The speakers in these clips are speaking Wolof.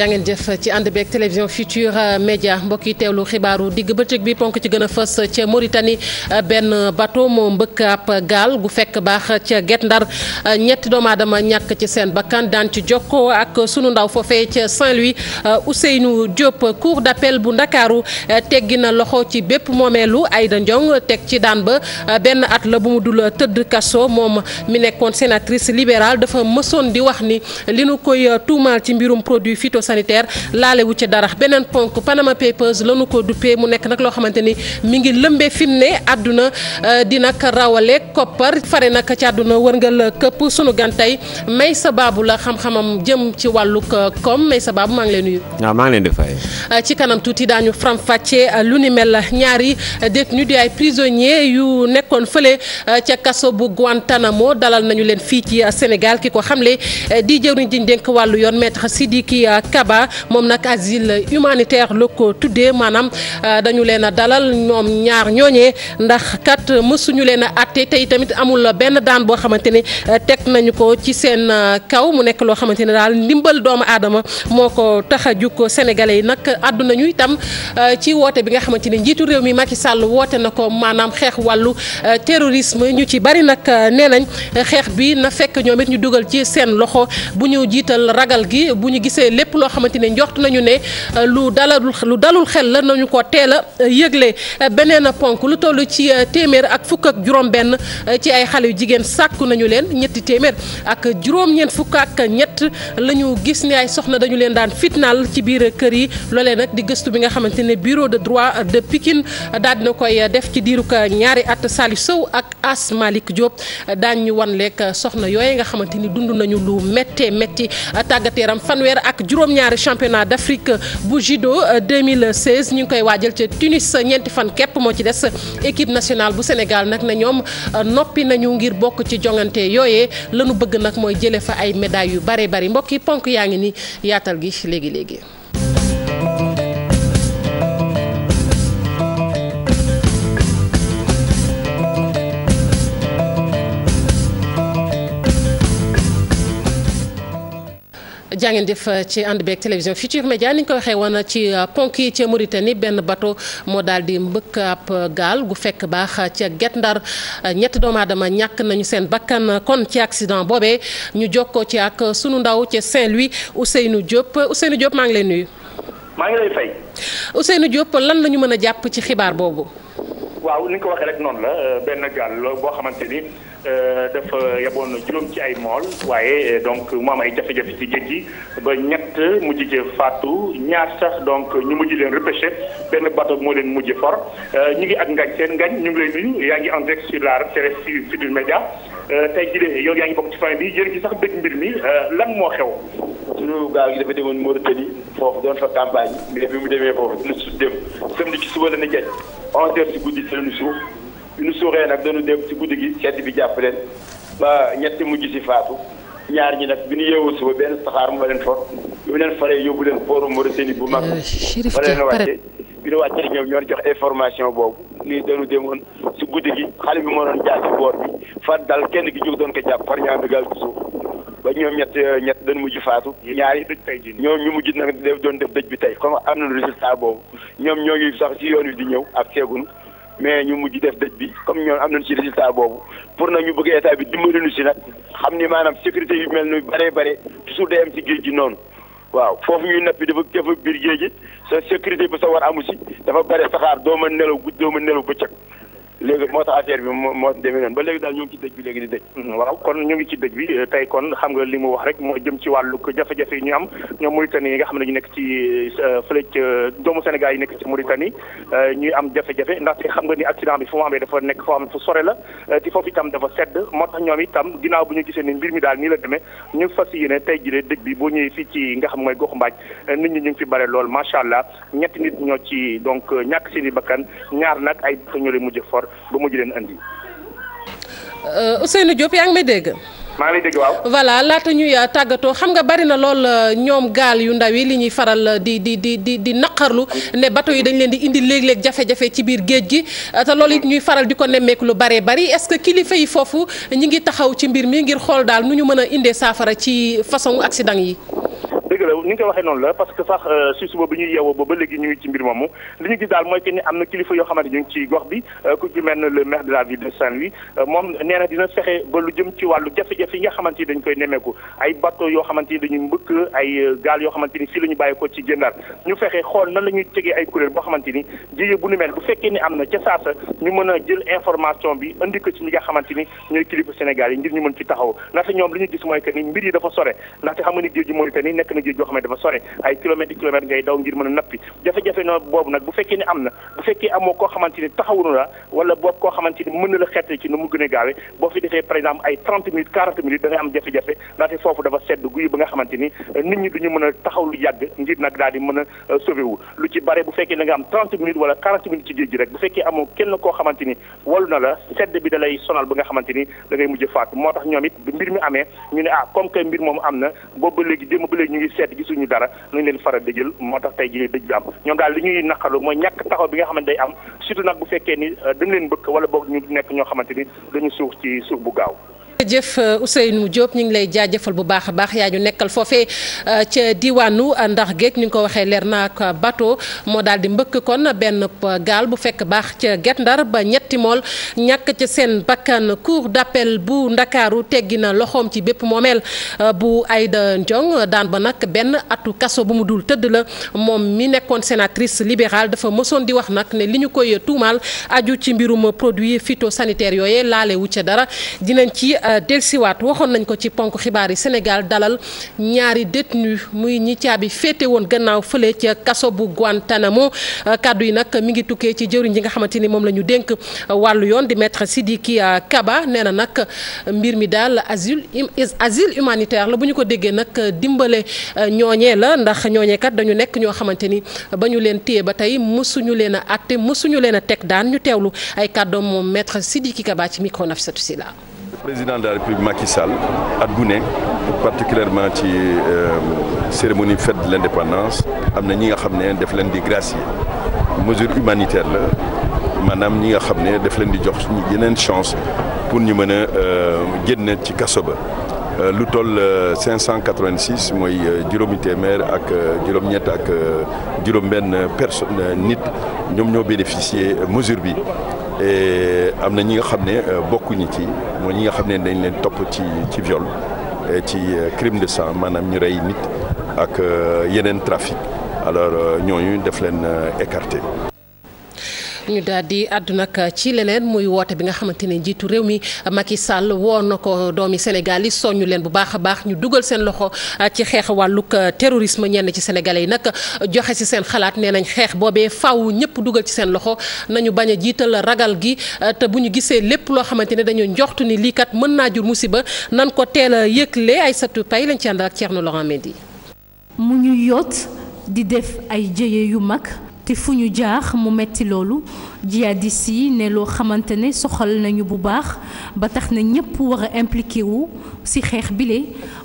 jàngeen jëf ci ànd beeg télévision Futur euh, Média mbokk yi teewlu xibaaru digg bëccëg bi ponk ci gën fës ca Mauritanie euh, benn bateau moo mbëkk ab gaal gu fekk baax ca get Ndar euh, ñetti doomu dama ñàkk ci seen bakkan daan ci jokkoo ak sunu ndaw foofee ca Saint-Louis Ousseynou Diop cour d'appel bu Ndakaaru teggi na loxo ci bépp moomeelu Aïda Ndiong teg ci daan ba benn at la bu mu dul tëdd kaso moom mi nekkoon sénatrice libérale dafa mësoon di wax ni li nu koy sanitaire laale wu ci dara beneen ponk Panama Papers lanu ko duppee mu nekk nag loo xamante ni mi ngi lëmbee fi mu ne àdduna euh, di nag rawale koppar fare nag ci àdduna wërngal këpp sunu gantay may sa baabu la xam-xamam jëm ci wàlluk euh, kom may sa baabu maa ngi leen nuyu. waaw maa ngi leen di euh, ci kanam tuuti daañu faram fàccee lu ni mel ñaari détenu di ay prisonniers yu nekkoon fële ca kaso bu Guantanamo dalal nañu leen fii ci Sénégal ki ko xamle di jëriñ diñ Taba moom nag asile humanitaire la ko tuddee maanaam euh, dañu leen a dalal ñoom ñaar ñooñee ndax kat mësuñu leen a àtte tey tamit amul benn daan boo xamante ne euh, teg nañu ko ci seen euh, kaw mu nekk loo xamante ne daal ndimbal doomu aadama moo ko tax a jug sénégalais yi nag àdduna ñu itam ci woote bi nga xamante ne njiitu réew mi Macky sàll woote na ko maanaam xeex wàllu terrorisme ñu ci bari nag nee nañ xeex bi na fekk ñoom it ñu dugal ci seen loxo bu ñu jiital ragal gi loo xamante ne njort nañu ne euh, lu dalal lu dalul xel la nañu ko teel a euh, yëgle euh, beneen ponk lu tollu ci téeméer ak fukk ak juróom-benn ci ay xale yu jigéen sàkku nañu leen ñetti téeméer ak juróom-ñeent fukk ak ñett la ñu gis ne ay soxna dañu leen daan fitnaal ci biir kër yi loolee nag di gëstu bi nga xamante ne bureau de droit de Pikine daal dina koy def ci diiru ko ñaari at Saliou Sow ak As Malick Diop daañ ñu wan lekk soxna yooyu nga xamante ni dund nañu lu méttee métti juróom-ñaari championnat d'Afrique bu judo 2016 euh, ñu ngi koy waajal ca Tunis ñeenti fan képp moo ci des équipe national bu Sénégal nag na ñoom euh, noppi nañu ngir bokk ci jongante yooyee lañu bëgg nag mooy jële fa ay médailles yu bare bari mbokk yi ponk yaa ngi ni yaatal gi léegi léegi. jàngeen jëf eh, ci ànd beeg télévision Futur Média ni ñu ko waxee woon eh, ci eh, ponk yi ci Mauritanie benn bateau moo daal di mbëkk ab gaal gu fekk baax ca get Ndar ñetti doomu aadama ñàkk nañu seen bakkan kon ci accident boobee ñu jokkoo ci ak sunu ndaw ca Saint-Louis Ousseynou Diop Ousseynou Diop maa ngi lay nuyu. maa ngi lay fay. Ousseynou Diop lan lañu mën a jàpp ci xibaar boobu. waaw ni nga ko waxee rek noonu la benn gaal boo xamante ni. Euh, dafa yaboon juróom ci ay mool waaye euh, donc mu ay jafe-jafe ci géej gi ba ñett mujj ci faatu ñaar sax donc ñu mujj leen repêché benn bateau moo leen mujj for euh, ñu ngi ak ngañ seen ngañ ñu ngi leen nuyu yaa ngi en direct sur la télé Futurs Médias tey jii de yow yaa ngi bokk ci famille bi yéen gi sax dëgg mbir mi lan moo xew. suñu gaaw gi dafa demoon Mauritanie foofu doon fa campagne mais bi mu demee foofu dina su dem samedi ci suba la ne jaj ci suuf. bi ñu suuxee nag dañu dégg si guddi gi sedd bi jàpp leen ba ñetti mujj si faatu ñaar ñi nag bi ñu yeewoo suba benn saxaar moo leen for bi mu leen faree yóbbu leen pooru Mauritanie bu mag euh, fa leen wàcce bi ñu wàccee ñoom ñoo jox information boobu nii dañu demoon si guddi gi xale bi moo doon jaar ci boor bi kenn gi jóg doon ko jàpp far ñaar bi gaal ba ñoom ñett ñett dañ mujj faatu ñaar yi dëj tey ñoom ñu mujj nag def doon def dëj bi tey comme am nañu résultat boobu ñoom ñoo ngi sax ci yoon wi di ñëw ak seegun mais ñu mujj def dëj bi comme ñoom am nañu ci résultat boobu pour nag ñu bëgg état bi dimbali ñu si nag xam ni maanaam sécurité yu mel ni bare bare toujours dee am ci géej gi noonu waaw foofu ñuy nappi dafa dafa biir géej gi sa sécurité bi sa war amu si dafa bare saxaar doo mën nelaw guddi doo mën nelaw bëccëg léegi moo tax affaire bi moo moo demee noonu ba léegi daal ñu ngi ci dëj bi léegi di dëj hmm. waaw kon ñu ngi ci dëj bi euh, tey kon xam nga li mu wax rek moo jëm ci wàllu jafe-jafe ñu am ñoom Mauritanie yi nga xam ne ñu nekk ci euh, fële ca doomu Sénégal yi nekk ci Mauritanie euh, ñuy am jafe-jafe xam nga ni accident bi fu mu amee nekk foo xam sore la te itam dafa sedd moo tax ñoom itam ginnaaw bu ñu gisee ni mbir mi daal nii la demee ñu fas yéene tey jii dëj bi boo ñëwee fii ci nga xam mooy goxu mbaaj nit ñi ñu ngi fi bare lool macha allah ñetti nit ñoo ci donc ñàkk seen bakkan ñaar nag ay dafa ñu mujj fort ba mujj leen andi. Euh, Ousseynou yaa ngi may dégg. maa voilà laata ñuy euh, tàggatoo xam nga bari na lool euh, ñoom gaal yu ndaw yi li ñuy faral di di di di di naqarlu ne bateau yi dañ leen di indi léeg-léeg jafe-jafe ci biir géej gi te loolu it ñuy faral di ko nemmeeku lu baree bari est-ce que kilifa yi foofu ñi ngi taxaw ci mbir mi ngir xool daal nu ñu mën a indee saafara ci façon accident yi. dëgg la ni nga waxee noonu la parce que sax euh, si suba bi ñuy yeewoo ba ba léegi ñu ngi ci mbir moomu li ñu gis daal mooy que ni am na kilifa yoo xamante ñu euh, euh, yi nga xamante ni dañ koy nemmeeku ay yoo xamante ni dañuy mbëkk ay yoo xamante ni fii la ñu bàyyi ñu fexe xool nan la ñuy tegee ay kuréel boo xamante ni jiyee bu nu mel bu fekkee ni am mën a jël information bi indi ci nga xamante ni ñooy kilifa Sénégal yi ngir ñu mën ci taxaw ndaxte ñoom li ñu gis mooy que mbir yi dafa sore ndaxte xam nga ni géej gi Mauritanie nekk jafe-jafe da ndaxte foofu dafa sedd guy ba nga xamante euh, nit ñi duñu mën a taxaw yàgg ngir nag daal di mën a euh, sauver lu ci bare bu fekkee da nga am 30 minutes wala 40 minutes ci géej gi rek bu fekkee amoo kenn koo xamante ni na la sedd bi da sonal ba nga xamante ni mujj faatu moo tax ñoom it mbir mi amee ñu ne ah comme que mbir moom am na boobu léegi démb ba léegi ñu ngi di seet gisuñu dara nuñ leen faral di jël moo tax tey jii dëj bi am ñoom daal li ñuy naqarlu mooy ñàkk taxaw bi nga xamante day am surtout nag bu fekkee ni euh, dañ leen bëgg wala boog ñu nekk ñoo xamante ni dañu suux ci suux bu gaaw jëf euh, Ousseynou Diop ñu ngi lay jaajëfal bu baax a baax yaa ñu nekkal foofee euh, ca diwaanu euh, ndax géej ni nga ko waxee leer na ak bateau moo daal di mbëkk kon benn gaal bu fekk baax ca Guet Ndar ba ñetti mool ñàkk ca seen bakkan cour d'appel bu ndakaaru teggi na loxoom ci bépp moomeel bu Aïda Ndiong daan ba nag benn atu kaso bu mu dul tëdd la moom mi nekkoon senatrice libérale dafa mësoon di wax nag ne li ñu koy tuumaal aju ci mbirum produit phytosanitaire yooye laale wu ca dara Euh, delsiwaat waxoon nañ ko ci ponk xibaar yi Sénégal dalal ñaari détenu muy ñi caabi féete woon gannaaw fële ca kaso bu Guantanamo euh, kàddu yi nag mi ngi tukkee ci jëriñ ji nga xamante ni moom la ñu dénk euh, wàllu yoon di maître Sidiki Kaba nee na nag mbir mi daal asile asile humanitaire la bu ñu ko déggee nag dimbale ñooñee la ndax ñooñee dañu nekk ñoo xamante ni ba ñu leen téye ba tey mësuñu leen a àtte mësuñu leen a teg daan ñu teewlu ay kàddoom moom maître Sidiki Kaba ci micro Nafissatou Sila président de la république Macky Sall at gu ne particulièrement ci euh, cérémonie fête de l'indépendance am na ñi nga xam ne daf leen di gracier mesure humanitaire la maanaam ñi nga xam ne daf leen di jox yeneen chance pour ñu mën a euh, génn ci kaso ba euh, lu toll 586 mooy juróomi téeméer ak juróom-ñett ak juróom-benn personne nit ñoom ñoo bénéficier mesure bi Euh, am na ñi nga xam ne euh, bokkuñu ci moo ñi nga xam ne dañ leen topp ci ci viol euh, ci crime de sang maanaam ñu rey nit ak yeneen trafic alors ñooñu def leen écarté ñu daal di àddu nag ci leneen muy woote bi nga xamante ne njiitu réew mi Macky Sall woo na ko doomi Sénégal yi soññu leen bu baax a baax ñu dugal seen loxo uh, ci xeex wàllug uh, terrorisme ñenn ci sénégalais yi nag uh, joxe si seen xalaat nee nañ xeex boobee faw ñëpp dugal ci seen loxo nañu bañ a jiital ragal gi te bu ñu gisee lépp loo xamante ne dañoo njoxtu ni lii kat mën naa jur musiba nan ko teel a yëkk lee ay satu pay lañ ci àndal ak Thierno na loxo mu di def ay jëye yu mag. te fu ñu jaax mu metti loolu jihadis yi ne loo xamante ne soxal nañu bu baax ba tax na ñëpp war a impliqué wu ci xeex bile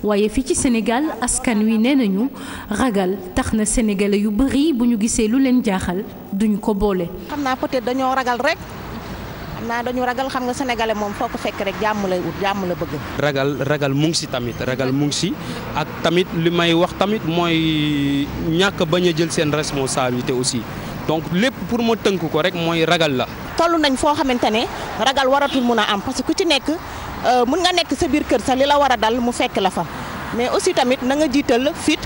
waaye fii ci Sénégal askan wi nee nañu ragal tax na sénégalais yu bari bu ñu gisee lu leen jaaxal duñu ko boole. xam ragal rek. xam naa dañu ragal xam nga sénégalais moom foo ko fekk rek jàmm lay ut jàmm la bëgg. ragal ragal mu si tamit ragal mu si ak tamit li may wax tamit mooy ñàkk bañ a jël seen responsabilité aussi donc lépp pour ma tënk ko rek mooy ragal la. toll nañ foo xamante ne ragal waratul mun a am parce ku ci nekk euh, mun nga nekk sa biir kër sa li la war a dal mu fekk la fa mais aussi tamit na nga jiital fit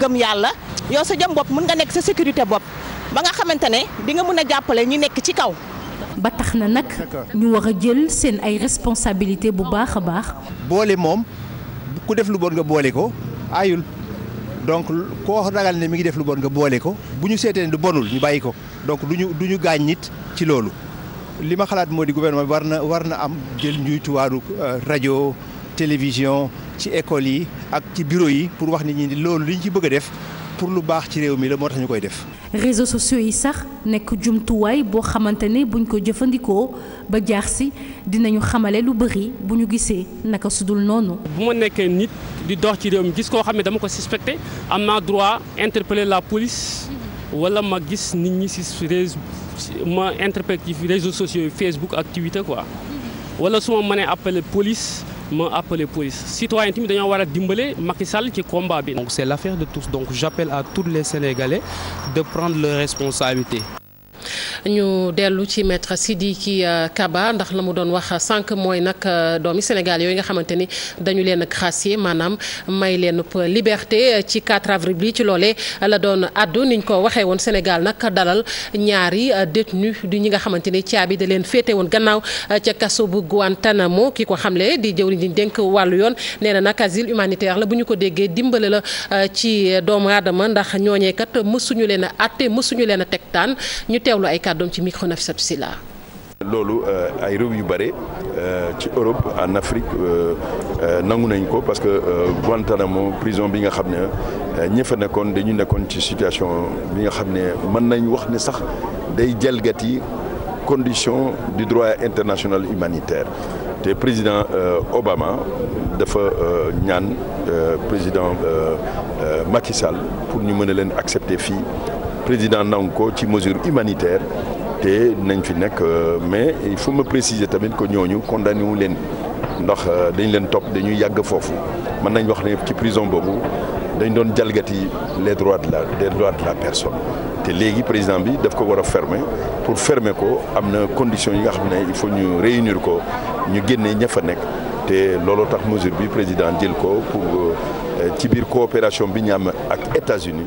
gëm yàlla yow sa jëm bopp mun nga nekk sa sécurité bopp ba nga xamante ne di nga mun a jàppale ñu nekk ci kaw. tax na nag ñu war a jël seen ay responsabilité bu baax a baax boole moom ku def lu bon nga boole ko ayul donc koo ragal ne mi ngi def lu bon nga boole ko bu ñu seetee ne du bonul ñu bàyyi ko donc du ñu du ñu gaañ nit ci loolu li ma xalaat moo di gouvernement war na war na am jël njuytuwaaru euh, rajo télévision ci école yi ak ci bureau yi pour wax nit ñi loolu li ñu ci bëgg a def pour lu baax ci réew mi la moo tax ñu koy def. réseaux sociaux yi sax nekk jumtuwaay boo xamante ne buñ ko jëfandikoo ba jaax si dinañu xamale lu bëri bu ñu gisee naka sudul noonu. bu ma nekkee nit di dox ci réew mi gis koo xam ne dama ko suspecté am na droit interpeller la police wala ma gis nit ñi si réseau ma interpellé ci réseaux sociaux yi Facebook activité Twitter quoi su ma mënee appeler police. ma appelé police citoyen tamit dañoo war a dimbale Macky Sall ci combat bi. donc c'est l'affaire de tous donc j'appelle à tous les Sénégalais de prendre leurs responsabilités. ñu dellu ci maître Sidiki euh, Kaba ndax la mu doon wax sànq mooy nag euh, doomi Sénégal yooyu nga xamante ni dañu leen gracier maanaam may leen liberté euh, ci 4 avril bi ci loole la doon addu niñ ko waxee woon Sénégal nag dalal ñaari détenu di ñi nga xamante ni caabi da leen féete woon gannaaw ca kaso bu Guantanamo ki ko xamle di jëwriñ ñu dénk wàllu yoon nee na nag asile humanitaire la bu ñu ko déggee dimbale la ci doomu aadama ndax ñooñee kat mësuñu leen a mësuñu leen a tegtaan kàddoom ci micro Nafissatou Sylla loolu euh, ay réew yu bare euh, ci Europe en Afrique euh, nangu nañ ko parce que Guantanamo prison bi nga xam ne ñi fa nekkoon dañu nekkoon ci situation bi nga xam ne mën nañ wax ne sax day jalgati condition du droit international humanitaire te président Obama dafa ñaan président Macky Sall pour ñu mën a leen accepter fii président nangu ko ci mesure humanitaire te nañ fi nekk euh, mais il faut me préciser tamit que ñooñu condamné wu leen ndax euh, dañ leen topp dañuy yàgg foofu mën nañu wax ne ci prison boobu dañu doon jalgati les droits de la les droits de te léegi président bi daf ko war a fermer pour fermer ko am na conditions yi nga xam ne il faut ñu réunir ko ñu génnee ña fa nekk te looloo tax mesure bi président jël ko pour euh, ci biir coopération bi ñu am ak États-Unis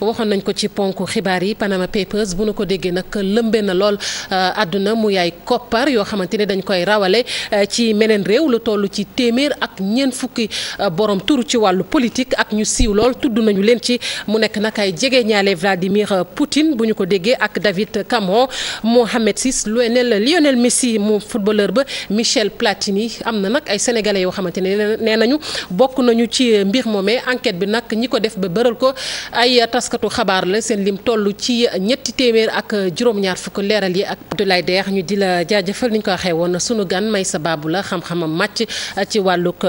waxoon nañ ko ci ponk xibaar yi Panama Papers bu nu ko déggee nag lëmbee na lool euh, àdduna mu yaay koppar yoo xamante ne dañ koy rawale euh, ci meneen réew lu toll ci téeméer ak ñeent fukki euh, borom turu ci wàllu politique ak ñu siiw lool tudd nañu leen ci mu nekk nag ay jege ñaale Vladimir Poutine bu ñu ko déggee ak David Cameron Mohamed Sis Lionel Lionel Messi moom footballeur ba Michel Platini am na nag ay sénégalais yoo xamante ne nee nañu bokk nañu ci mbir moomee enquête bi nag ñi ko def ba bëral ko ay taskatu xabaar la seen lim toll ci ñetti téeméer ak juróom-ñaar fukk leeral yi ak Abdoulaye Deex ñu di la jaajëfal ni ñu ko waxee woon na sunu gan Maysa Babou la xam-xamam màcc ci wàllug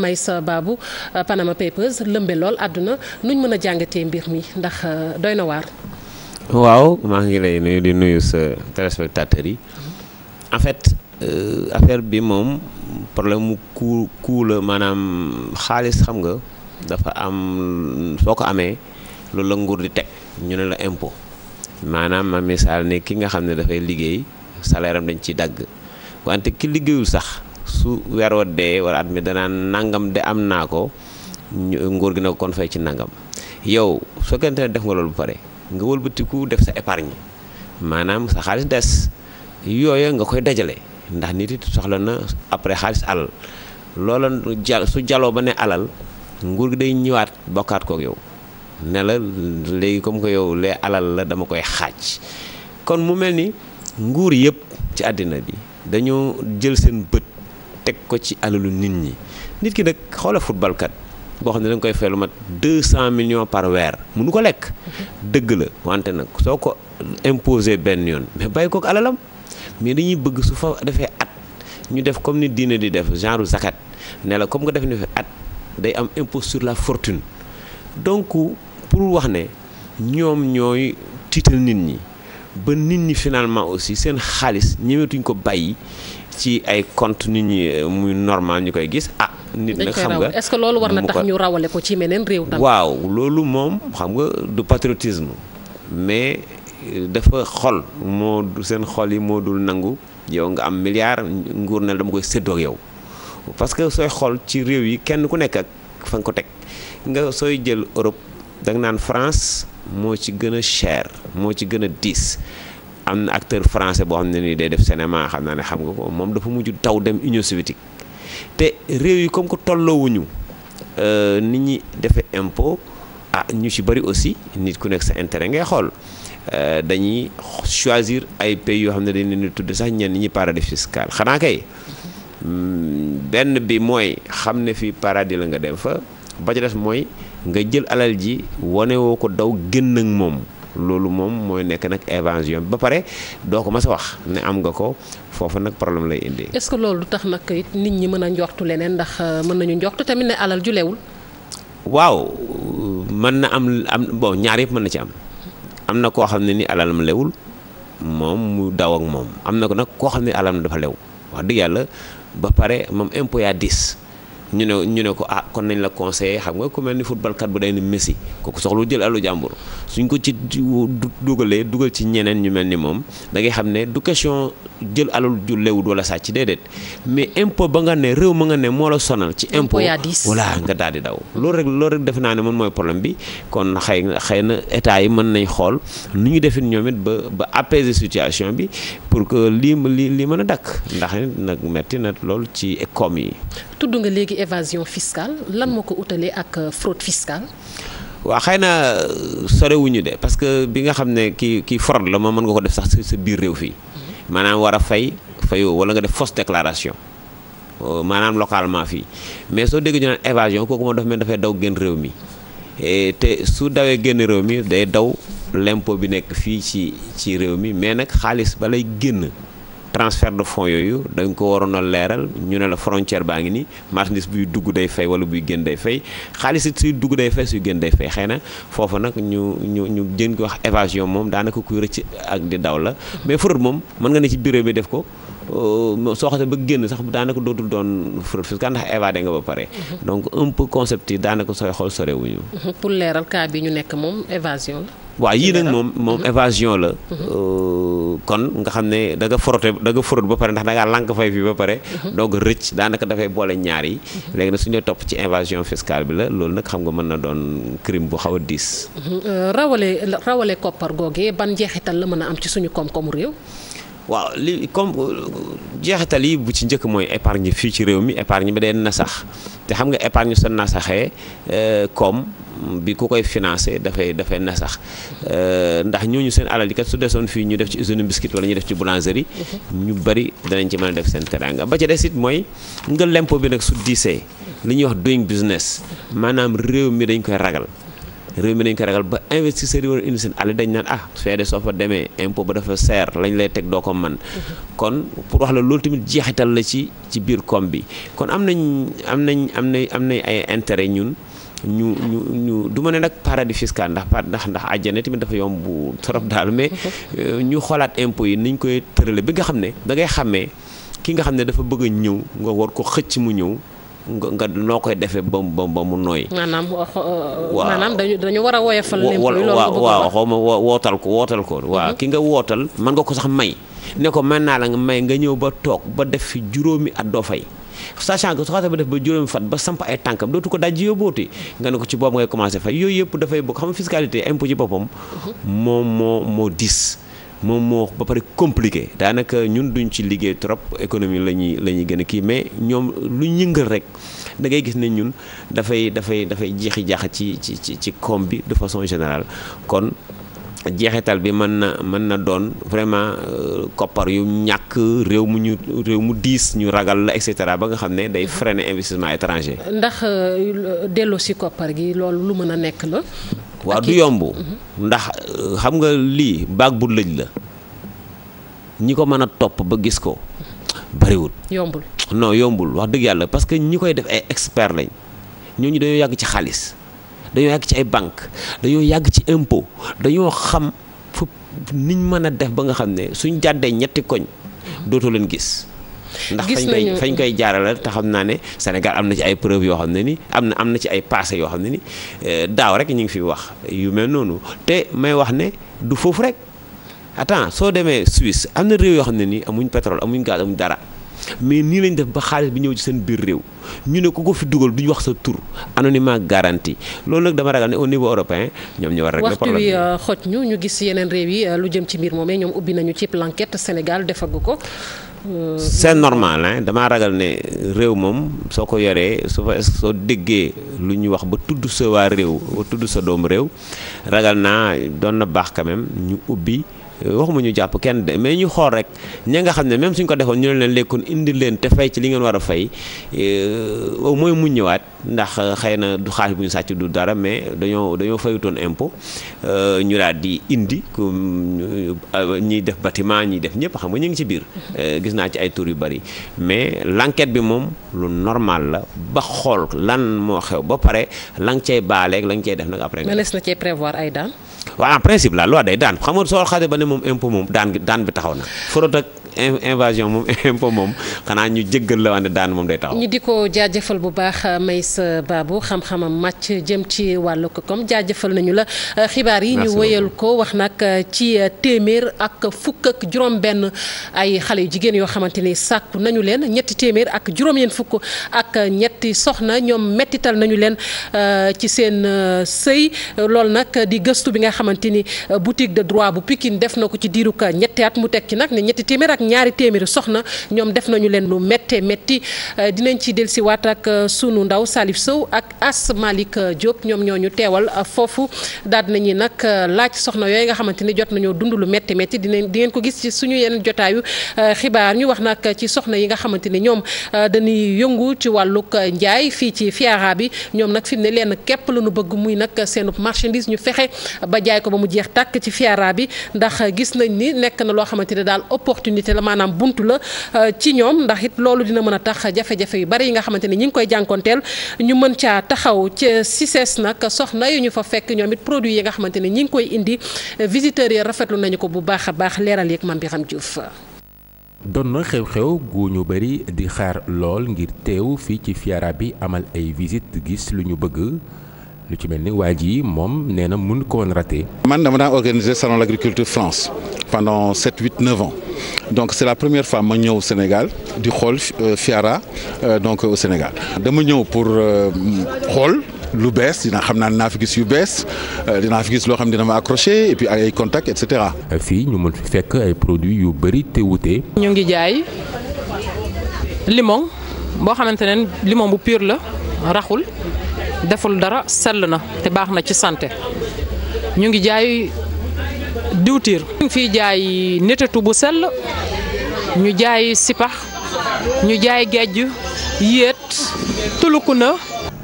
may sa baabu Panama Papers lëmbe lool àdduna nuñ mën a jàngatee mbir mi ndax euh, doy na waar. waaw maa ngi lay nuyu di nuyu sa téléspectateurs yi en fait euh, affaire bi moom problème mu ku ku la maanaam xaalis xam nga dafa am soo ko amee. loolu la nguur di teg ñu ne la impôt maanaam ma misaal ne ki nga xam ne dafay liggéey salaire am dañ ciy dagg wante ki liggéeyul sax su weer wa dee at mi danaa nangam de am naa ko nguur gi na kon fay ci nangam yow soo ko def nga loolu bu pare nga wëlbatiku def sa épargne maanaam sa xaalis des yooya nga koy dajale ndax nit it soxla na après xaalis alal loola jal su jaloo ba ne alal nguur gi day ñëwaat bokkaat kook yow. ne la léegi comme que yow lee alal la dama koy xaaj kon mu mel ni nguur yëpp ci àddina bi dañoo jël seen bët teg ko ci alalu nit ñi nit ki nag xoola footballkat boo xam ne da koy fay lu mat deux cent millions par weer mënu ko lekk dëgg la wante nag soo ko imposé benn yoon mais bàyyi kook alalam mais dañuy bëgg su fa defee at ñu def comme ni diine di def genre zakat ne la comme nga def ni at day am impôt sur la fortune donc pour wax ne ñoom ñooy tiital nit ñi ba nit ñi finalement aussi seen xaalis ñemetuñ ko bàyyi ci ay conte nit ñi euh, muy normal ñu koy gis ah. nit nag xam nga est-ce que loolu war na tax ñu rawale ko ci meneen réew tam waaw loolu moom xam nga du patriotisme mais euh, dafa xol moo du seen xol yi moo dul nangu yow nga am milliard nguur na dama koy séddoo yow parce que sooy xol ci réew yi kenn ku nekk ak fa nga ko teg nga sooy jël Europe. da nga naan France moo ci gën a cher moo ci gën a diis am na acteur français boo xam ne nii day def cinéma xam naa ne xam nga ko moom dafa mujj taw dem Union soviétique te réew yi comme que tolloowuñu euh, nit ñi defee impôt ah ñu ci bari aussi nit ku nekk sa intérêt ngay xool euh, dañuy choisir ay pays yoo xam ne dañ leen di tudd sax ñenn ñi paradis fiscal xanaa kay mm, benn bi mooy xam ne fii paradis la nga dem fa. ba ci des mooy nga jël alal ji wane woo ko daw génn ak moom loolu moom mooy nekk nag évasion ba pare doo ko mas sa wax ne am nga ko foofu nag problème lay indi. est-ce que loolu tax nag it nit ñi mën a njortu leneen ndax euh, mën nañu njortu tamit ne alal ju lewul. waaw mën na am am bon ñaar yëpp mën na ci am am na koo xam ne ni alal mu lewul moom mu daw ak moom am na ko nag koo xam ne alal dafa lew wax dëgg yàlla ba pare moom impôt yaa diis ñu ne ñu ne ko ah kon nañ la conseiller xam nga ku mel ni footballkat bu day ni Messi kooku soxlu jël alu jàmbur suñ ko ci dugalee dugal ci ñeneen ñu mel ni moom da ngay xam ne du question jël alal ju lewut wala sàcc déedéet mais impôt ba nga ne réew ma nga ne moo la sonal ci impôt voilà nga daal di daw loolu rek loolu rek defe naa ne moom mooy problème bi kon xëy xëy na état yi mën nañ xool nu ñu defit ñoom it ba ba apaiser situation bi pour que lii li lii mën a dakk ndax nag metti na lool ci koom yi tudd nga léegi évasion fiscale lan moo ko utalee ak euh, fraude fiscale. waaw xëy na euh, sorewuñu de parce que bi nga xam ne ki kii fraude la ma mën nga ko def sax sa biir réew fii mm-hmm. maanaam war a fay fayoo wala nga def fausse déclaration euh, maanaam localement fii mais soo dégg ñu naan évasion kooku moom dafa mel dafay daw génn réew mi te su dawee génn réew mi day daw l'impôt bi nekk fii ci ci réew mi mais nag xaalis balay génn. transfert de fonds yooyu dañ ko waroon a leeral ñu ne la frontière baa ngi nii marchandise buy dugg day fay wala buy génn day fay xaalis suy dugg day fay suy génn day fay xëy na foofu nag ñu ñu ñu jën ko wax évasion moom daanaka kuy rëcc ak di daw la mais fraude moom mën nga ne ci bureau bi def ko euh, soo xasee ba génn sax daanaka dootul doon fraude fiscale ndax évadé nga ba pare. Mhm. donc un peu concept yi daanaka sooy xool sorewuñu. Mhm. pour leeral cas bi ñu waaw yii nag moom moom mm-hmm. évasion la. Mm-hmm. Euh, kon nga xam ne da nga frotté da ba pare ndax da ngaa lànk fay fi ba pare. Mm-hmm. donc rëcc daanaka dafay boole ñaar yi. léegi nag su ñu topp ci invasion fiscale bi la loolu nag xam nga mën na doon crime bu xaw a diis. Euh, rawale rawale koppar googee ban njeexital la mën a am ci suñu koom-koomu réew. waaw li comme jeexital yi bu ci njëkk mooy épargne fii ci réew mi épargne bi day nasax te xam nga épargne sa nasaxee comme euh, bi ku koy financé dafay dafay nasax euh, ndax ñooñu seen alal yi kat su desoon fii ñu def ci usine biscuit wala ñu def ci boulangerie ñu bari danañ ci mën a def seen teranga ba ca des it mooy nga lempo bi nag su diisee li ñuy wax doing business maanaam réew mi dañ koy ragal réew mi dañ ko ragal ba investisseurs yi woon indi dañ naan ah feede soo fa demee impôt ba dafa seer lañ lay teg doo ko man mm-hmm. kon pour wax la loolu tamit jeexital la ci ci biir koom bi kon am nañ am nañ am nañ am nañ ay intérêt ñun ñu ñu ñu du ma ne nag paradis fiscal ndax ndax ndax àjjana tamit dafa yomb bu trop daal mais mm-hmm. ñu xoolaat impôts yi niñ koy tërale bi nga xam ne da ngay xàmmee ki nga xam ne dafa bëgg ñëw nga war ko xëcc mu ñëw nga noo koy defee ba mu ba mu nooy. maanaam uh, uh, uh, maanaam dañu dañu war a woyofal. loolu waaw xaw ma wootal ko wootal ko. waa mhm. ki nga wootal. mën nga ko sax may ne ko mën naa la nga may nga ñëw ba toog ba def fi juróomi at doo fay. sa que su xasee ba def ba juróomi fat ba samp ay tànkam dootu ko daj yóbbooti nga ne ko ci boobu ngay commencé fay yooyu yëpp dafay bokk xam fiscalité impôt ci boppam. Mhm. moom moo moo dis moom moo ba pare compliqué daanaka ñun duñ ci liggéey trop économie la ñuy la ñuy gën a kii mais ñoom lu yëngal rek da ngay gis ne ñun dafay dafay dafay jeexi jaaxa ci ci ci ci koom bi de façon général kon jeexital bi mën na mën na doon vraiment euh, koppar yu ñàkk réew mu ñu réew mu diis ñu ragal la et cetera ba nga xam ne day freiner investissement étranger. ndax euh, delloo si koppar gi loolu lu mën a nekk la. waaw du yomb mhm. ndax euh, xam nga lii baag bu lëj la ñi ko mën a topp ba gis ko bariwul yombul non yombul wax dëgg yàlla parce que ñi koy def ay expert lañ ñoo ñooñu dañoo yàgg ci xaalis dañoo yàgg ci ay banque dañoo yàgg ci impo dañoo xam fu niñ mën a def ba nga xam ne suñ jàddee ñetti koñ dootoo leen gis ndax fañ koy fañ koy jaarale te xam naa ne Sénégal am na ci ay preuve yoo xam ne nii am na am na ci ay passé yoo xam ne ni euh, daaw rek ñu ngi fi wax yu mel noonu te may wax ne du foofu rek attends soo demee Suisse am na réew yoo xam ne nii amuñ pétrole amuñ gaz amuñ dara mais nii lañ def ba xaalis bi ñëw ci seen biir réew ñu ne ko ko fi dugal duñ wax sa tur anonymat garanti loolu nag dama ragal ne au niveau européen ñoom ñu war rek. waxtu wi euh, xoj ñu ñu gis yeneen réew yi euh, lu jëm ci mbir moomee ñoom ubbi nañu ci l'enquête Sénégal defagu ko. Euh, c'est normal hein damaa ragal ne réew moom soo ko yoree su fa soo déggee lu ñuy wax ba tudd sa waa réew ba tudd sa doom réew ragal naa doon na baax quand ñu ubbi. waxuma ñu jàpp kenn de mais ñu xool rek ña nga xam ne même suñ ko defoon ñu ne leen lekkoon indi leen te fay ci li ngeen war a fay euh, au moins mu ñëwaat ndax euh, xëy na du xaalis bu ñu sàcc du dara mais dañoo dañoo fayutoon impôt euh, ñu daal di indi ñiy def bâtiment ñiy def ñëpp xam nga ñu ngi ci biir. gis naa ci ay tur yu bari mais l'enquête bi moom lu normal la ba xool lan moo xew ba pare la nga cay baaleeg la nga cay def nag après. mënees na cee prévoir ay daan. waaw en principe la loi day daan xam nga soo xasee ba ne moom impôt moom daan daan bi taxaw na. invasion moom impôt moom xanaa ñu jéggal la ne daan moom day taxaw. ñi di ko jaajëfal bu baax Meissa Babou xam-xamam màcc jëm ci wàllu ko comme jaajëfal nañu la xibaar yi ñu wëyal ko wax nag ci téeméer ak fukk ak juróom-benn ay xale yu jigéen yoo xamante ni sàkku nañu leen ñetti téeméer ak juróom-yeen fukk ak ñetti soxna ñoom mettital nañu leen euh, ci seen euh, sëy loolu nag di gëstu bi nga xamante ni euh, boutique de droit bu Pikine def na ko ci diiru ka ñetti at mu tekki nag ne téeméer ñaari téeméeri soxna ñoom def nañu leen lu méttee métti euh, dinañ ci dellusiwaat ak euh, sunu ndaw Salif Sow ak As Malick euh, ñoom ñoo ñu teewal foofu daal dinañu nag laaj soxna yooyu nga xamante ni jot nañoo dund lu métti métti dinañ di ngeen ko gis ci suñu yeneen jotaayu xibaar ñu wax nag ci soxna yi nga xamante ni ñoom dañuy yëngu ci wàllug njaay fii ci Fiara bi ñoom nag fi mu ne leen képp la ñu bëgg muy nag seen marchandise ñu fexe ba jaay ko ba mu jeex tàkk ci Fiara bi ndax gis nañ ni nekk na loo xamante ni daal opportunité la maanaam bunt la euh, ci ñoom ndax it loolu dina mën a tax jafe-jafe yu bari yi nga xamante ni ñi ngi koy jànkonteel ñu mën caa taxaw ci CICES nag soxna yu ñu fa fekk ñoom it produit yi nga xamante ni ñi ngi koy indi euh, visiteurs yi rafetlu nañu ko bu baax a baax leeral yeeg Mame Biram Diouf doon na xew-xew gu ñu bëri di xaar lool ngir teew fii ci fiara bi amal ay visite gis lu ñu bëgg lu ci mel ni waa ji moom nee na mun ko woon raté. man dama daan organiser salon l' agriculture France pendant sept huit neuf ans donc c' la première fois ma ñëw Sénégal di xool euh, FIARA euh, donc au Sénégal dama ñëw pour euh, xool. lu bees dina xam naa dinaa fi gis yu bees dinaa fi gis loo xam dina ma accroché et puis ay contact cetera. fii ñu mën fi fekk ay produits yu bëri te wute. ñu ngi jaay limon boo xamante ne limon bu piir la raxul deful dara sell na te baax na ci sante ñu ngi jaay diwtiir ñu fiy jaay netatu bu sell ñu jaay sipax ñu jaay gejj yéet tuluku na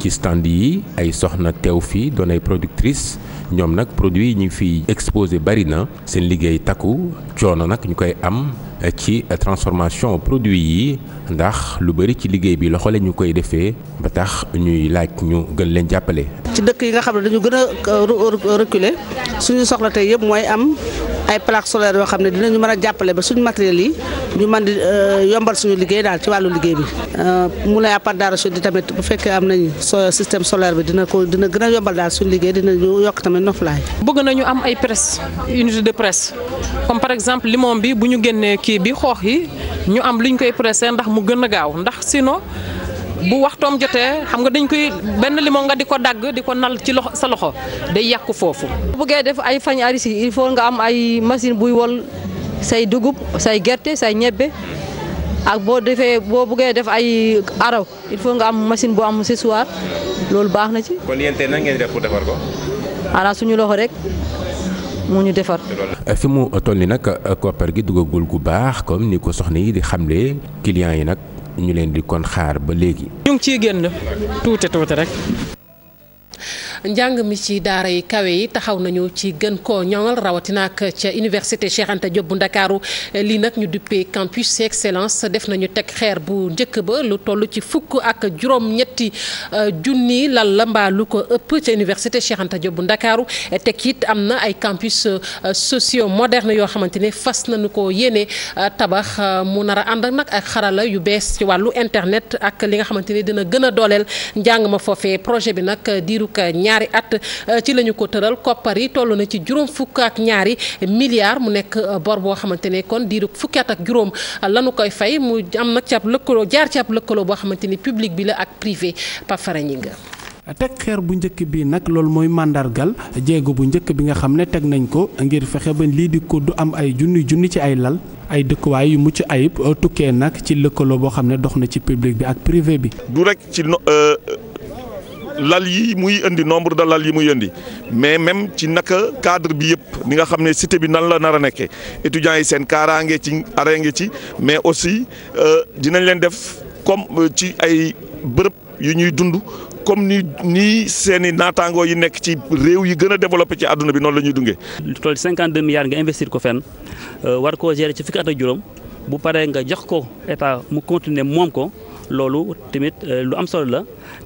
ci stand yi ay soxna teew fii doon ay productrice ñoom nag produit yi ñu ngi fiy exposé bari na seen liggéey takku coono nag ñu koy am ci transformation produit yi ndax lu bari ci liggéey bi loxo la ñu koy defee ba tax ñuy laaj ñu gën leen jàppale. ci dëkk yi nga xam ne dañu gën a euh, reculer suñu soxla tey yëpp mooy am ay plaques solaires yoo xam ne dina dinañu mën a jàppale ba suñu matériels yi ñu man di euh, yombal suñu liggéey daal ci wàllu liggéey bi. Euh, mu lay appart d'arachide tamit bu fekkee am nañu système solaire bi dina ko dina gën a yombal daal suñu liggéey dinañu yokk tamit noflaay. bëgg nañu am ay presse unité de presse. comme par exemple limon bi bu ñu génnee kii bi xoox yi ñu am lu ñu koy pressé ndax mu gën a gaaw ndax si no bu waxtoom jotee xam nga dañ koy benn limon nga di ko dagg di ko nal ci loxo sa loxo day yàqu foofu. bu bëggee def ay fañ aris il faut nga am ay machine buy wol say dugub say gerte say ñebbe ak boo defee boo bëggee def ay araw il faut nga am machine bu am séchoir loolu baax na ci. kon yéen tey ngeen def pour defar ko. xanaa suñu loxo rek. moo ñu defar. Euh, fi mu toll nii nag euh, koppar gi dugagul gu baax comme ni ko soxna yi di xamle clients yi nag ñu leen di kon xaar ba léegi. ñu ngi ciy génn tuuti tuuti rek. njàng mi ci daara yi kawe yi taxaw nañu ci gën koo ñoŋal rawatina ak ca université Cheikh Anta bu Ndakaaru lii nag ñu duppee campus excellence def nañu teg xeer bu njëkk ba lu toll ci fukk ak juróom-ñetti euh, junni lal la mbaa lu ko ëpp ca université Cheikh Anta bu Ndakaaru teg it am na ay campus euh, socio moderne yoo xamante ne fas nañu ko yéene euh, tabax mu nar ànd ak nag ak xarala yu bees ci wàllu internet ak li nga xamante ne dina gën a dooleel njàng ma foofee ñaari at euh, la ñu ko tëral koppar yi toll na ci juróom fukk ak ñaari milliards mu nekk euh, bor boo xamante ne kon diiru fukki at ak juróom euh, lañu koy fay mu am nag lëkkaloo jaar ci lëkkaloo boo xamante ni public bi la ak privé Pafara Gningue teg xeer bu njëkk bi nag loolu mooy màndargal jéego bu njëkk bi nga xam ne teg nañ ko ngir fexe ba lii di ko du am ay junni junni ci ay lal ay dëkkuwaay yu mucc ayib tukkee nag ci lëkkaloo boo xam ne dox na ci public bi ak privé bi. du rek ci lal yi muy indi nombre de lal yi muy indi mais même ci naka cadre bi yëpp ni nga xam ne cité bi nan la nar a nekkee étudiants yi seen kaaraange ci arange ci mais aussi euh, dinañ leen def comme euh, ci ay bërëb yu ñuy dund comme ni nii seen i naataangoo yi nekk ci réew yi gën a développé ci àdduna bi noonu la ñuy dungee. lu toll cinquante deux milliards nga investir ko fenn euh, war koo gérer ci fukki at juróom bu paree nga jox ko état mu continuer moom ko. loolu tamit euh, lu am solo la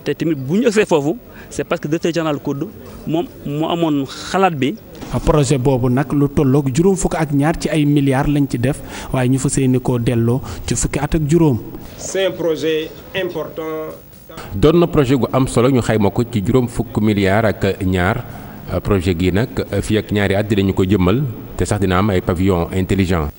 te tamit bu ñu ëgsee foofu c'est parce que directeur général COUD moom moo amoon xalaat bi. Ah, projet boobu nag lu tolloog juróom fukk ak ñaar ci ay milliards lañ ci def waaye ñu fa yéene koo delloo ci fukki at ak juróom. c'est projet important. doon na projet gu am solo ñu xayma ko ci juróom fukk milliards ak ñaar euh, projet gi nag euh, fii ak ñaari at dinañu ko jëmmal te sax dina am ay pavillon intelligent.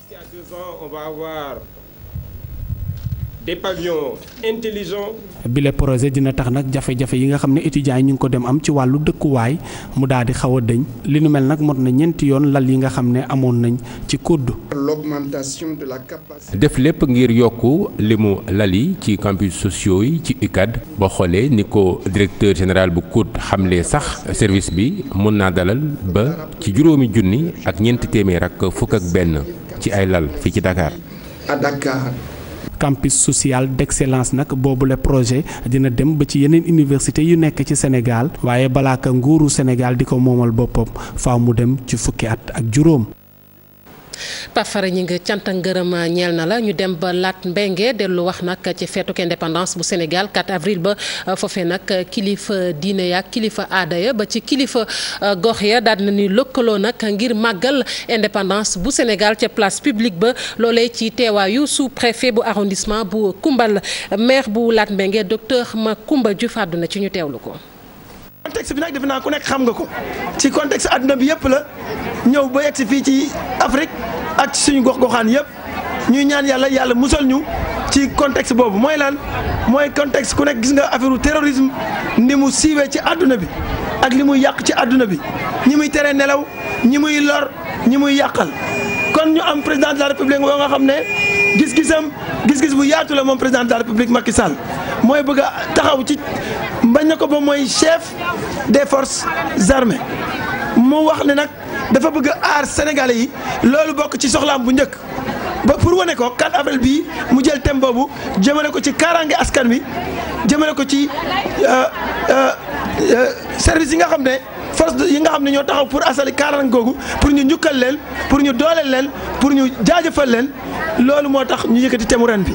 des pavillons intelligents. bile projet dina tax nag jafe-jafe yi nga xam ne étudiants yi ñu ngi ko dem am ci wàllu dëkkuwaay mu daal di xaw a dëñ li nu mel nag mot na ñeenti yoon lal yi nga xam ne amoon nañ ci koddu. l'augmentation de la capacité. def lépp ngir yokk limu lal yi ci campus sociaux yi ci UCAD boo xoolee ni ko directeur général bu COUD xamle sax service bi mën naa dalal ba ci juróomi junni ak ñeenti téeméer ak fukk ak benn ci ay lal fii ci Dakar. Dakar. campus social d'excellence nag boobule projet dina dem ba ci yeneen université yu nekk ci Sénégal waaye balaa ka nguuru Sénégal di ko moomal boppam faaw mu dem ci fukki at ak juróom. Pafara ñi nga cant ak ngërëm ñeel na la ñu dem ba Laat Mbengue dellu wax nag ci feetuk indépendance bu Sénégal 4 avril ba euh, foofe nag euh, kilifa diine ya kilifa aada ya ba ci kilifa euh, gox ya daal na ni lëkkaloo nag ngir màggal indépendance bu Sénégal ca place publique ba loole ci teewaayu sous préfet bu arrondissement bu Koumbal maire bu Laat mbenge Mbengue docteur Macoumba Diouf na ci ñu teewlu ko. contexte bi nag defe naa ku nekk xam nga ko ci contexte adduna bi yëpp la ñëw ba yegg si fii ci Afrique ak suñu gox-goxaan yëpp ñuy ñaan yàlla yàlla musal ñu ci contexte boobu mooy laan mooy contexte ku nekk gis nga affaire terrorisme ni mu siiwee ci àdduna bi ak li muy yàq ci àdduna bi ñi muy tere nelaw ñi muy lor ñi muy yàqal kon ñu am président de la république boo nga xam ne. gis-gisam gis-gis bu yaatu la moom président de la république Macky Sall mooy bëgg a taxaw ci mbañ na ko ba mooy chef des forces armées mu wax ne nag dafa bëgg aar sénégalais yi loolu bokk ci soxlaam bu njëkk. ba pour wane ko 4 avril bii mu jël thème boobu jëmale ko ci kaaraange askan wi jëmale ko ci euh, euh, euh, service yi nga xam ne force yi nga xam ne ñoo taxaw pour asali kaaraange googu pour ñu njukkal leen pour ñu dooleel leen pour ñu jaajëfal leen. loolu moo tax ñu yëkkati temu ren bi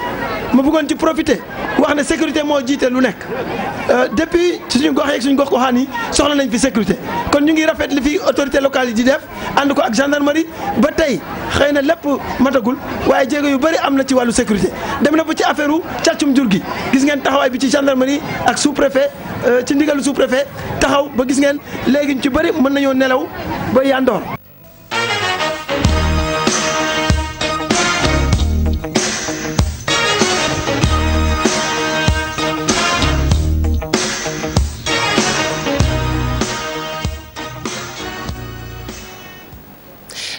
ma bëggoon ci profité wax ne sécurité moo jiite lu nekk euh, depuis suñu gox yeeg suñu gox goxaan ni soxla nañ fi sécurité kon ñu ngi rafet li fi autorité locale yi di def ànd ko ak gendarmerie ba tey xëy na lépp matagul waaye jéego yu bëri am na ci wàllu sécurité dem na ko ci affaire u jur gi gis ngeen taxawaay bi ci gendarmerie ak sous euh, ci ndigalu sous taxaw ba gis ngeen léegi ñu ci bëri mën nañoo nelaw ba yandoor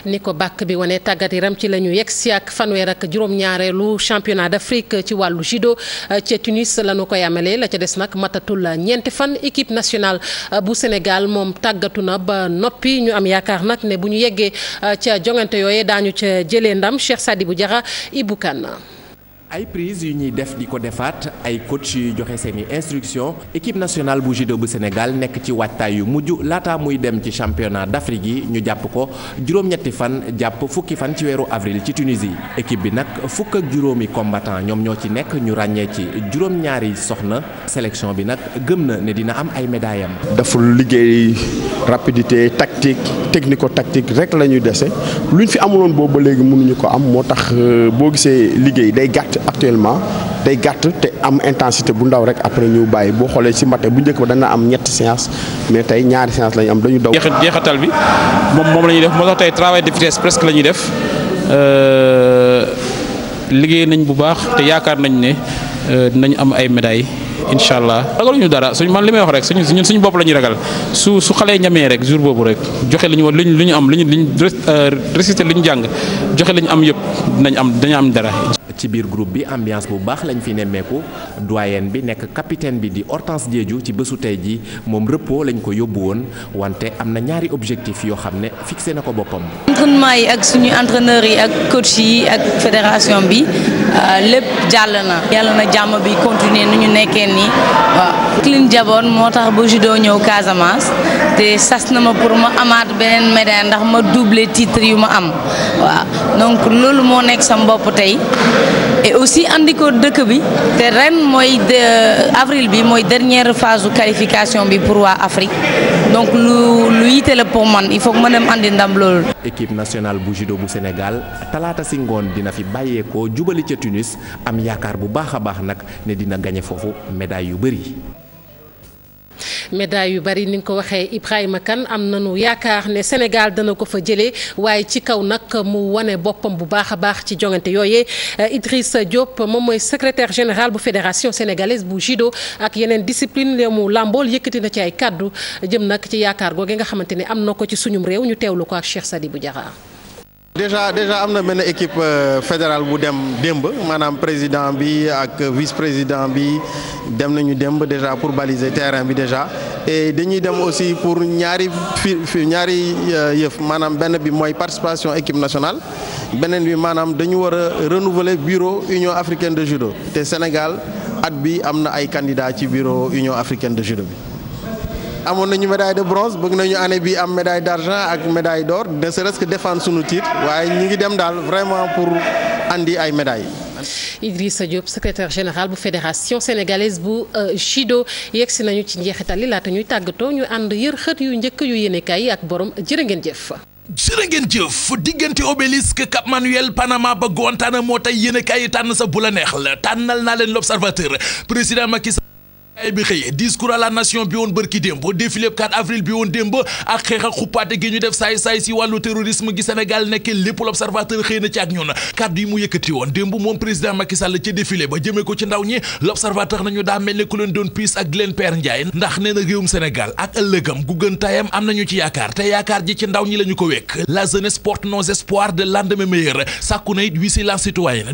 ni ko bàkk bi wane tàggat yaram ci la ñu yegg si ak fanweer ak juróom-ñaareelu championnat d'Afrique ci wàllu judo euh, ca Tunis la ñu koy amalee la ca des nag matatul ñeenti fan équipe nationale euh, bu Sénégal moom tàggatu na ba noppi ñu am yaakaar nag ne bu ñu yeggee euh, ca jongante yooye daañu ca jëlee ndam Cheikh Sadibou Diarra Ibou Kane ay prise yu ñuy def di ko defaat ay coach yu joxe seeni instruction équipe nationale bu judo bu Sénégal nekk ci waajtaay yu mujj laata muy dem ci championnat d'Afrique yi ñu jàpp ko juróom-ñetti fan jàpp fukki fan ci weeru avril ci Tunisie équipe bi nag fukk ak juróomi combattant ñoom ñoo ci nekk ñu ràññee ci juróom-ñaari soxna sélection bi nag gëm na ne dina am ay médailles am. daful liggéey rapidité tactique technique tactique rek la ñu dese luñ fi amuloon boobu léegi mënuñu ko am moo tax euh, boo gisee liggéey day gàtt actuellement day gàtt te am intensité bu ndaw rek après ñu bàyyi boo xoolee ci matin bu njëkk ba dana am ñetti séance mais tey ñaari séance la ñu am dañu daw. jeexatal bi moom moom la ñuy def moo tey travail de vitesse presque la ñuy def euh, liggéey nañ bu baax te yaakaar nañ ne euh, dinañ am ay médailles. incha allah ragaluñu dara suñ man li may wax rek suñu suñu bopp la ñuy ragal su su xalee ñamee rek jour boobu rek joxe li ñu war ñu am li ñu li ñu euh, résister li ñu jàng joxe li ñu am yëpp dinañ am dañu am dara. ci biir groupe bi ambiance bu baax lañu fi nemmeeku doyen bi nekk capitaine bi di Hortense Diédiou ci bésu tey ji moom repos lañ ko yóbbu woon wante am na ñaari objectif yoo xam ne fixé na ko boppam. entraînement yi ak suñu entraîneur yi ak coach yi ak fédération bi euh, lépp jàll na. yàlla na jàmm bi continuer nu ñu nekkee nii waaw. Clean Jaboon moo tax ba judo ñëw Casamance te sas na ma pour ma amaat beneen médaille ndax ma double titre yu ma am waaw donc loolu moo nekk sama bopp tey. et aussi andi dëkk bi te ren mooy avril bi mooy dernière phase su qualification bi pour waa Afrique donc lu lu yite la pour man il faut que ma dem andi ndam loolu. équipe nationale bu judo bu Sénégal talaata si ngoon dina fi bàyyeekoo jubali ca Tunis am yaakaar bu baax a baax nag ne dina gañe foofu médaille yu bëri. médaille yu bari ni nga ko waxee Ibrahima kan am na nañu yaakaar ne Sénégal dana ko fa jële waaye ci kaw nag mu wane boppam bu baax a baax ci jongante yooyee euh, Idriss Diop moom mooy secrétaire général bu fédération sénégalaise bu judo ak yeneen discipline yu mu làmbool yëkkati na ci ay kàddu jëm nag ci yaakaar googu nga xamante ne am na ko ci suñum réew ñu teewlu ko ak Cheikh bu Diarra déjà déjà am na benn équipe euh, fédérale bu dem démb maanaam président bi ak vice président bi dem nañu démb déjà pour baliser terrain bi déjà et dañuy dem aussi pour ñaari fi ñaari euh, yëf maanaam benn bi mooy participation équipe nationale beneen bi maanaam dañu war a renouveler bureau Union africaine de judo te Sénégal at bi am na ay candidats ci bureau Union africaine de judo bi. amoon nañu médaille de bronze bëgg nañu année bi am médaille d'argent ak médaille d'or ne serait-ce que défendre suñu titre waaye ñu ngi dem daal vraiment pour andi ay médailles. sa Diop secrétaire général bu fédération sénégalaise bu euh, judo yegsi nañu ci njeexital li laata ñuy tàggatoo ñu ànd yër xët yu njëkk yu yéenekaay yi ak borom jërë ngeen jëf. jërë ngeen jëf diggante obélisque Cap Manuel Panama ba Guantanamo moo tey yéenekaay yi tànn sa bu la neex la tànnal naa leen l'observateur président Macky ay bi xëy discours à la nation bi woon bërki démb défilé 4 avril bi woon démb ko ci ndaw ñi l'observateur nañu daa mel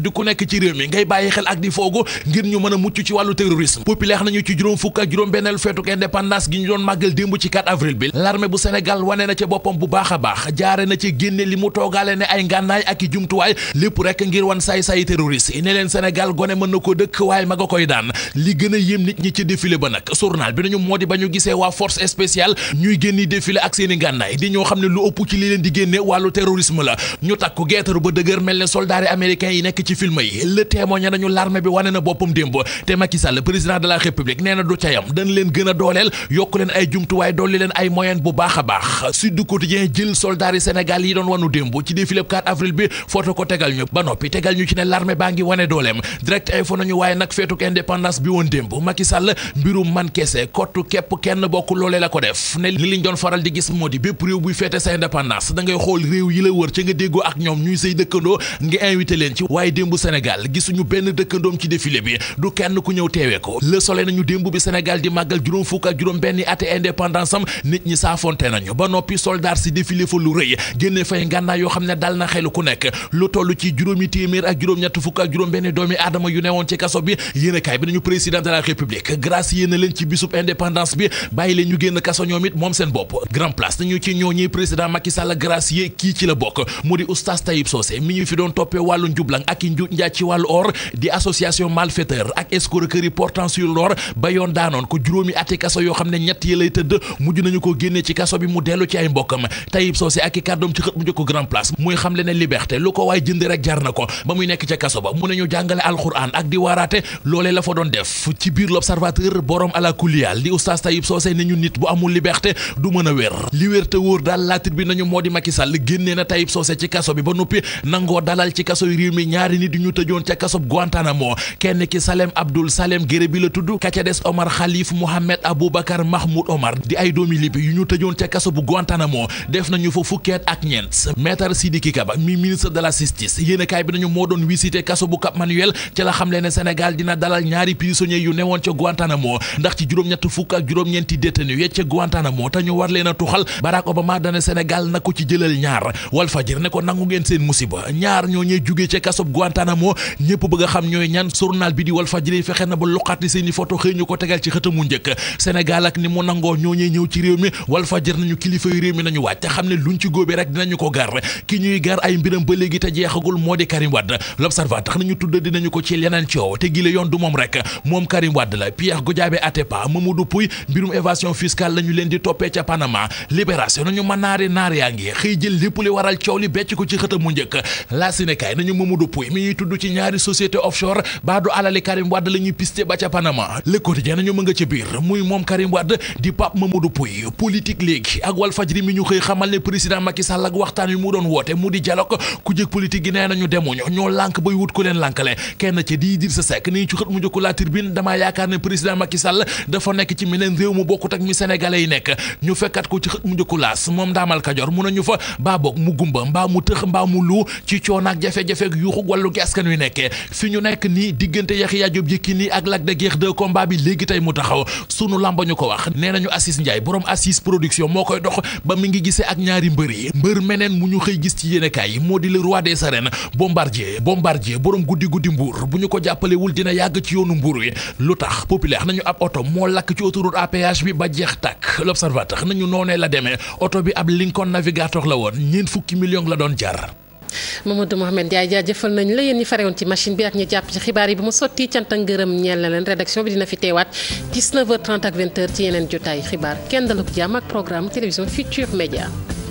di ku nekk ci réew mi ngay bàyyi xel ak di foogu ngir ñu mën a ci wàllu terrorisme populaire nañu ci juróom fukk ak juróom benneelu feetuk indépendance gi ñu doon màggal démb ci 4 avril bi l'armée bu Sénégal wane na ca boppam bu baax a baax jaare na ci génne li mu toogaale ne ay ngànnaay ak i jumtuwaay lépp rek ngir wan say say terroriste yi ne leen senegal gone mën na ko dëkk waaye ma nga koy daan li gën a yéem nit ñi ci défilé ba nag journal bi nañu moo di ba ñu gisee waa force spéciale ñuy génni défilé ak seen ngànnaay di ñoo xam ne lu ëpp ci li leen di génne wàllu terrorisme la ñu takku geetaru ba dëgër mel ne soldat yi américain ci film yi le témoin nañu l'armée bi wane na boppam démb te Macky président la république Afrique nee na du ca yam dañ leen gën a dooleel yokk leen ay jumtuwaay dolli leen ay moyen bu baax a baax Sud Quotidien jël soldats yi Sénégal yi doon wanu démb ci défilé 4 avril bi foto ko tegal ñu ba noppi tegal ñu ci ne l'armée baa ngi wane dooleem direct ay fo nañu waaye nag feetuk indépendance bi woon démb Macky Sall mbirum man kese kottu képp kenn bokk loolee la ko def ne li liñ doon faral di gis moo di bépp réew buy feete sa indépendance dangay xool réew yi la wër nga déggoo ak ñoom ñuy say dëkkandoo nga invité leen ci waaye démbu Sénégal gisuñu benn dëkkandoom ci défilé bi du kenn ku ñëw teewee ko nañu démb bi Sénégal di màggal juróom fukk ak juróom benn ate indépendance am nit ñi saafonte nañu ba noppi soldaar si défilé fa lu rëy génne fay ngànnaay yoo xam ne dal na xelu ku nekk lu toll ci juróomi téeméer ak juróom-ñett fukk ak juróom benn doomi aadama yu newoon ci kaso bi yéen kaay bi nañu président de la république grâce yéena leen ci bisub indépendance bi bàyyi leen ñu génn kaso ñoom it moom seen bopp grand place nañu ci ñoo ñi président Macky Sall grâce yee ci la bokk mu di oustaz Taïb Socé ñu fi doon toppee wàllu njublang ak i njuuj ci wàllu or di association malfaiteur ak escroquerie portant sur l'or ba yoon daanoon ko juróomi ati kaso yoo xam ne ñett yi lay tëdd mujj nañu ko génnee ci kaso bi mu dellu ci ay mbokkam Tayib Socé ak i kàddoom ci xët mu njëkk Grand Place muy xamle ne liberté lu ko waay jënd rek jar na ko ba muy nekk ca kaso ba mu ne ñu jàngale alxuraan ak di waaraate loolee la fa doon def ci biir l'observateur borom ala kuliyal di oustaz Tayib Socé ne ñu nit bu amul liberté du mën a wér li wér te wóor daal laatir bi nañu moo di Macky Sall génnee na Tayib Socé ci kaso bi ba noppi nangoo dalal ci kaso yu réew ñaari nit ñu tëjoon ca kaso Guantanamo kenn ki Salem Abdoul Salem Géré bi la tudd des Omar Khalif Mohamed Aboubacar Mahmoud Omar di ay doomi Libye yu ñu tëjoon ca kaso bu Guantanamo def nañu fa fukkeet ak ñeent Maître Sidiki Kaba mi ministre de la justice yéenekaay bi nañu moo doon visité kaso bu Cap ci la xamle ne Sénégal dina dalal ñaari prisonniers yu newoon ca Guantanamo ndax ci juróom-ñett fukk ak juróom-ñeenti ca Guantanamo te ñu war leen a tuxal Barack Obama dana Sénégal na ko ci jëlal ñaar Walfadjri ne ko nangu ngeen a ñu ko tegal ci xëtamu njëkk Sénégal ak ni mu nangoo ñooñee ñëw ci réew mi wal fa jër nañu kilifa réew mi nañu wàcc xam ne luñ ci góobee rek dinañu ko gar ki ñuy gar ay mbiram ba léegi te jeexagul moo di Karim Wade l'Observateur nañu tudd dinañu ko ci leneen coow te gile yoon du moom rek moom Karim Wade la Pierre Goudiaby Atepa Mamadou Pouye mbirum évasion fiscale lañu leen di toppee ca Panama libération nañu ma naari naar yaa ngi xëy ko ci xëtamu njëkk la Sénégal nañu Mamadou Pouye ba ca quotidien ñu mën nga ci biir muy moom Karim Wade di Pape Mamadou Pouy politique léegi ak Walf Fadjri mi ñu xëy xamal ne président Macky Sall waxtaan wi mu doon woote mu di dialogue ku jëg politique gi nee nañu demuñu ñoo lànk bay wut ku leen lànkale kenn ci di Idrissa Seck nii ci xët mu njëkk la tribune damaa yaakaar ne président Macky dafa nekk ci meneen réew mu bokkut ak mi sénégalais yi nekk ñu fekkat ko ci xët mu njëkk laas moom daamal Kajoor léegi tey mu taxaw sunu làmba ñu ko wax nee nañu Assis Ndiaye borom Assis production moo koy dox ba mu ngi gisee ak ñaari mbër yi mbër meneen mu ñu xëy gis ci yéenekaay yi moo di le roi des arènes bombardier bombardier borom guddi guddi mbuur bu ñu ko jàppalewul dina yàgg ci yoonu mbuur wi lu tax populaire nañu ab oto moo lakk ci oto à péage bi ba jeex tàkk l'observateur nañu noonee la demee oto bi ab Lincoln navigateur la woon ñeent fukki million la doon jar Mamadou Mouhamed Ndiaye jaajëfal nañ la yéen ñi farewoon ci machine bi ak ñi jàpp ci xibaar yi ba mu sotti cant ak ngërëm ñeel na leen rédaction bi dina fi teewaat 19h30 ak 20h ci yeneen jotaay xibaar kenn daluk jàmm ak programme télévision Futurs Médias